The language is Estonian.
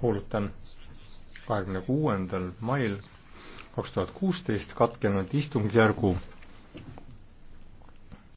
kuulutan kahekümne kuuendal mail kaks tuhat kuusteist katkenud istungjärgu